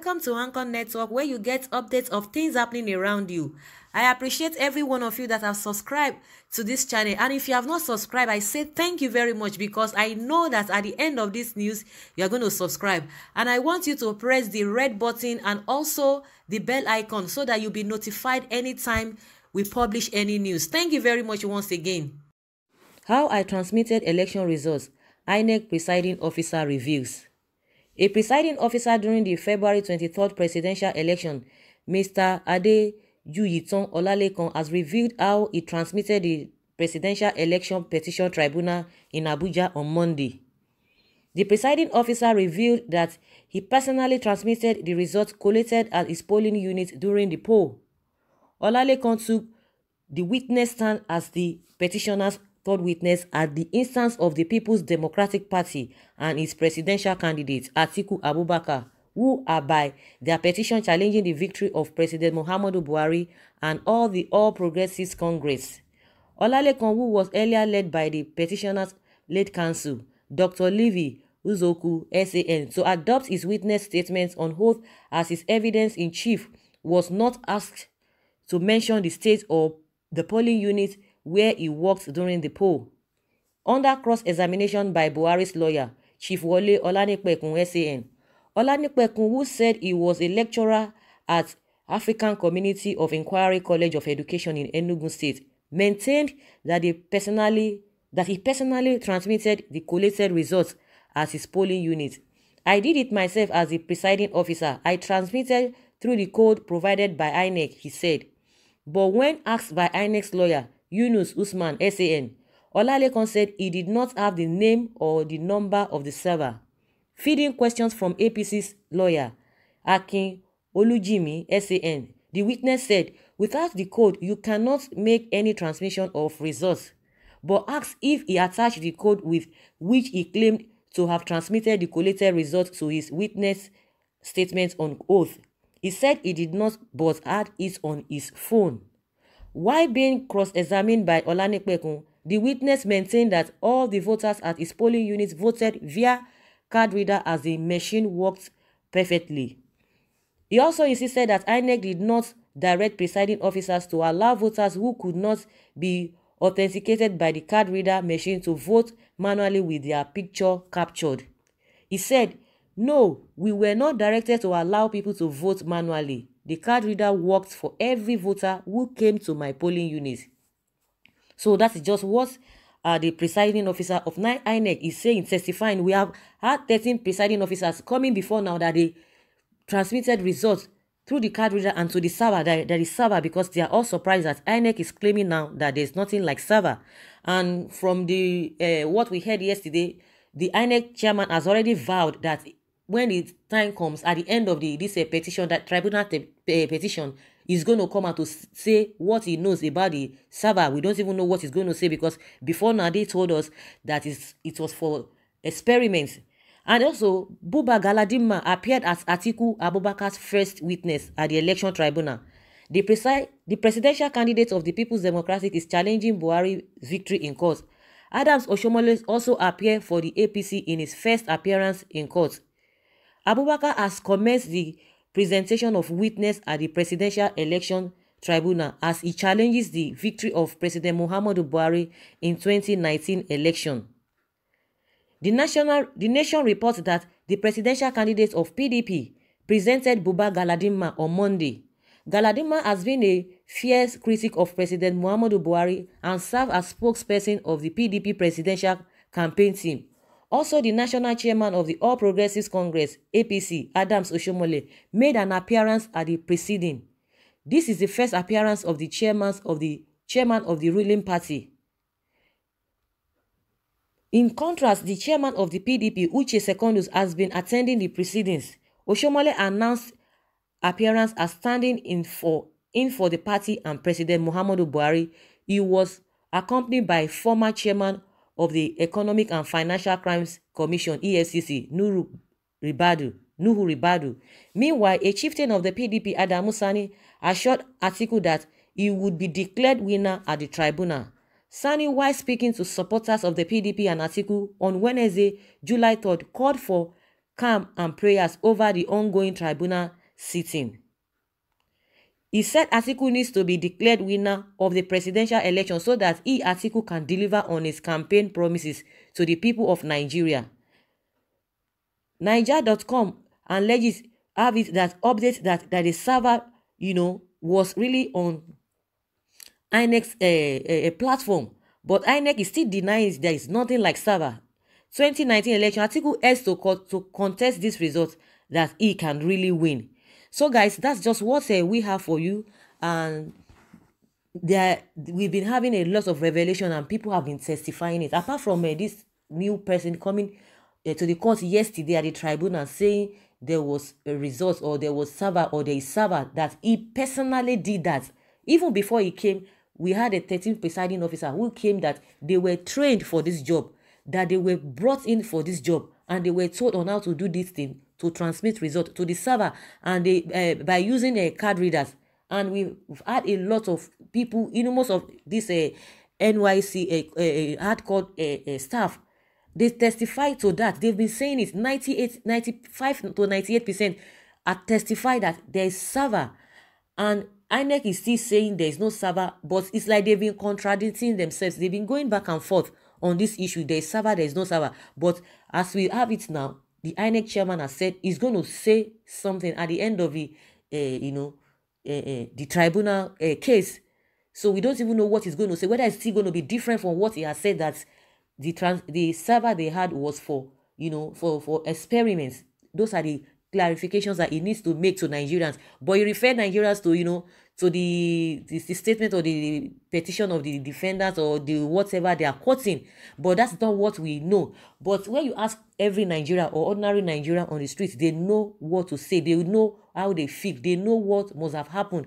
Welcome to Anchor Network where you get updates of things happening around you. I appreciate every one of you that have subscribed to this channel. And if you have not subscribed, I say thank you very much because I know that at the end of this news, you're going to subscribe. And I want you to press the red button and also the bell icon so that you'll be notified anytime we publish any news. Thank you very much once again. How I transmitted election results, INEC presiding officer reveals. A presiding officer during the February 23rd presidential election, Mr. Ade Adejuyitan Olalekan, has revealed how he transmitted the Presidential Election Petition Tribunal in Abuja on Monday. The presiding officer revealed that he personally transmitted the results collated at his polling unit during the poll. Olalekan took the witness stand as the petitioner's third witness at the instance of the People's Democratic Party and its presidential candidate Atiku Abubakar, who are by their petition challenging the victory of President Muhammadu Buhari and all the All Progressives Congress. Olalekan, who was earlier led by the petitioner's late counsel, Dr. Levy Uzoku, SAN, to adopt his witness statements on oath as his evidence in chief, was not asked to mention the state or the polling unit where he worked during the poll. Under cross-examination by Buhari's lawyer, Chief Wole Olanipekun SAN, Olanipekun, who said he was a lecturer at African Community of Inquiry College of Education in Enugu State, maintained that he personally that he personally transmitted the collated results as his polling unit. I did it myself as the presiding officer. I transmitted through the code provided by INEC, he said. But when asked by INEC's lawyer Yunus Usman, SAN. Olalekan said he did not have the name or the number of the server. Feeding questions from APC's lawyer, Akin Olujimi, SAN. The witness said, without the code, you cannot make any transmission of results, but asked if he attached the code with which he claimed to have transmitted the collated results to his witness statement on oath. He said he did not but had it on his phone. While being cross-examined by Olanipekun, the witness maintained that all the voters at his polling units voted via card reader as the machine worked perfectly. He also insisted that INEC did not direct presiding officers to allow voters who could not be authenticated by the card reader machine to vote manually with their picture captured. He said, No, we were not directed to allow people to vote manually. The card reader worked for every voter who came to my polling unit. So that's just what uh, the presiding officer of INEC is saying, testifying. We have had 13 presiding officers coming before now that they transmitted results through the card reader and to the server. That that is server because they are all surprised that INEC is claiming now that there's nothing like server. And from the uh, what we heard yesterday, the INEC chairman has already vowed that when the time comes at the end of the this uh, petition that tribunal petition is going to come out to say what he knows about the server. We don't even know what he's going to say because before now they told us that it was for experiments. And also, Buba Galadima appeared as Atiku Abubakar's first witness at the election tribunal. The, presi- the presidential candidate of the People's Democratic is challenging Buhari's victory in court. Adams Oshomole also appeared for the APC in his first appearance in court. Abubakar has commenced the presentation of witness at the Presidential Election Tribunal as he challenges the victory of President Muhammadu Buhari in 2019 election. The, national, the nation reports that the presidential candidates of PDP presented Buba Galadima on Monday. Galadima has been a fierce critic of President Muhammadu Buhari and served as spokesperson of the PDP presidential campaign team. Also, the national chairman of the All Progressives Congress, APC, Adams Oshomole, made an appearance at the proceeding. This is the first appearance of the chairman of the chairman of the ruling party. In contrast, the chairman of the PDP, Uche Secondus, has been attending the proceedings. Oshomole announced appearance as standing in for in for the party and President Muhammadu Buhari. He was accompanied by former chairman of the Economic and Financial Crimes Commission EFCC, Nuru Ribadu, Nuhu Ribadu. Meanwhile, a chieftain of the PDP, Adamu Sani, assured Atiku that he would be declared winner at the tribunal. Sani, while speaking to supporters of the PDP and Atiku on Wednesday, July 3rd, called for calm and prayers over the ongoing tribunal sitting. He said Atiku needs to be declared winner of the presidential election so that he, Atiku, can deliver on his campaign promises to the people of Nigeria. Niger.com alleges have it that object that, that the server, you know, was really on Inex uh, eh, a eh, eh, platform. But INEC is still denying there is nothing like server. 2019 election, Atiku has to, co to contest this result that he can really win. so guys that's just what uh, we have for you and there we've been having a lot of revelation and people have been testifying it apart from uh, this new person coming uh, to the court yesterday at the tribunal saying there was a result or there was server or there is server that he personally did that even before he came we had a 13 presiding officer who came that they were trained for this job that they were brought in for this job and they were told on how to do this thing to transmit result to the server and they uh, by using a uh, eh, card readers and we've, had a lot of people you know most of this uh, eh, nyc uh, uh, hardcore uh, staff they testify to that they've been saying it 98 95 to 98 percent are testify that there's server and INEC is still saying there's no server but it's like they've been contradicting themselves they've been going back and forth on this issue there's server there's no server but as we have it now the INEC chairman has said he's going to say something at the end of the, uh, you know, uh, uh, the tribunal case. So we don't even know what he's going to say. Whether it's still going to be different from what he has said that the trans the server they had was for you know for for experiments. Those are the clarifications that he needs to make to Nigerians. But he referred Nigerians to you know So the, the, the statement or the petition of the defenders or the whatever they are quoting but that's not what we know but when you ask every nigerian or ordinary nigerian on the street they know what to say they know how they feel they know what must have happened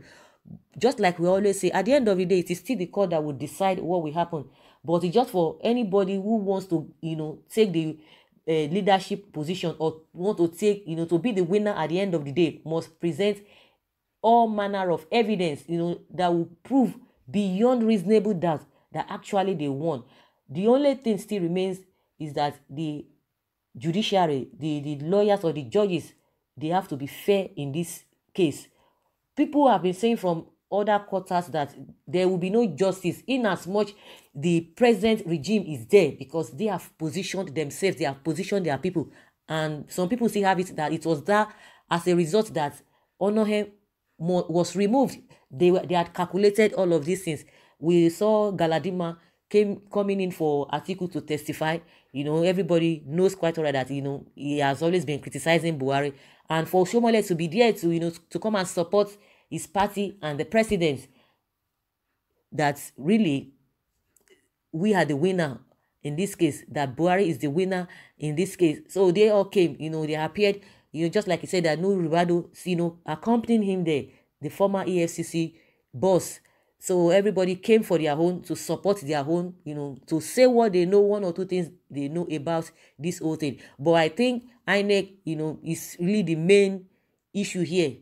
just like we always say at the end of the day it is still the court that will decide what will happen but it's just for anybody who wants to you know take the uh, leadership position or want to take you know to be the winner at the end of the day must present all manner of evidence, you know, that will prove beyond reasonable doubt that actually they won. The only thing still remains is that the judiciary, the, the lawyers or the judges, they have to be fair in this case. People have been saying from other quarters that there will be no justice in as much the present regime is there because they have positioned themselves, they have positioned their people. And some people still have it that it was that as a result that him was removed. They, were, they had calculated all of these things. We saw Galadima came coming in for article to testify. You know, everybody knows quite alright that you know he has always been criticizing Buhari, and for Shomole to be there to you know to come and support his party and the president. That really, we are the winner in this case. That Buhari is the winner in this case. So they all came. You know, they appeared You just like he said that no Ribado Sino accompanying him there, the former EFCC boss. So everybody came for their own to support their own, you know, to say what they know, one or two things they know about this whole thing. But I think INEC, you know, is really the main issue here.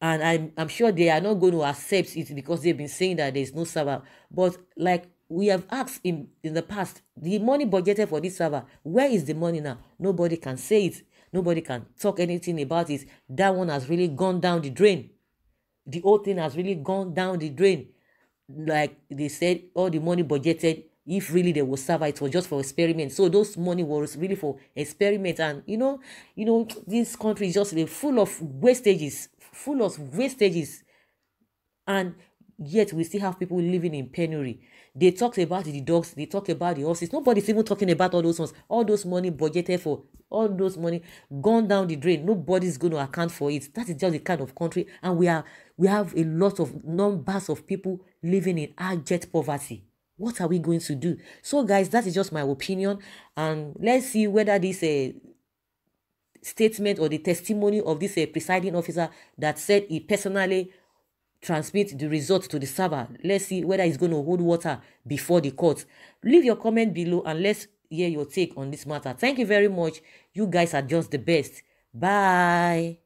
And I'm, I'm sure they are not going to accept it because they've been saying that there's no server. But like we have asked in, in the past, the money budgeted for this server, where is the money now? Nobody can say it. Nobody can talk anything about it. That one has really gone down the drain. The whole thing has really gone down the drain. Like they said, all the money budgeted, if really they will serve it was just for experiment. So those money was really for experiment. And you know, you know, this country is just full of wastages, full of wastages. And yet we still have people living in penury. They talk about the dogs, they talk about the horses. Nobody's even talking about all those ones. All those money budgeted for all those money gone down the drain. Nobody's going to account for it. That is just the kind of country, and we are we have a lot of numbers of people living in abject poverty. What are we going to do? So, guys, that is just my opinion, and let's see whether this a uh, statement or the testimony of this uh, presiding officer that said he personally transmit the result to the server. Let's see whether it's going to hold water before the court. Leave your comment below and let's hear your take on this matter. Thank you very much. You guys are just the best. Bye.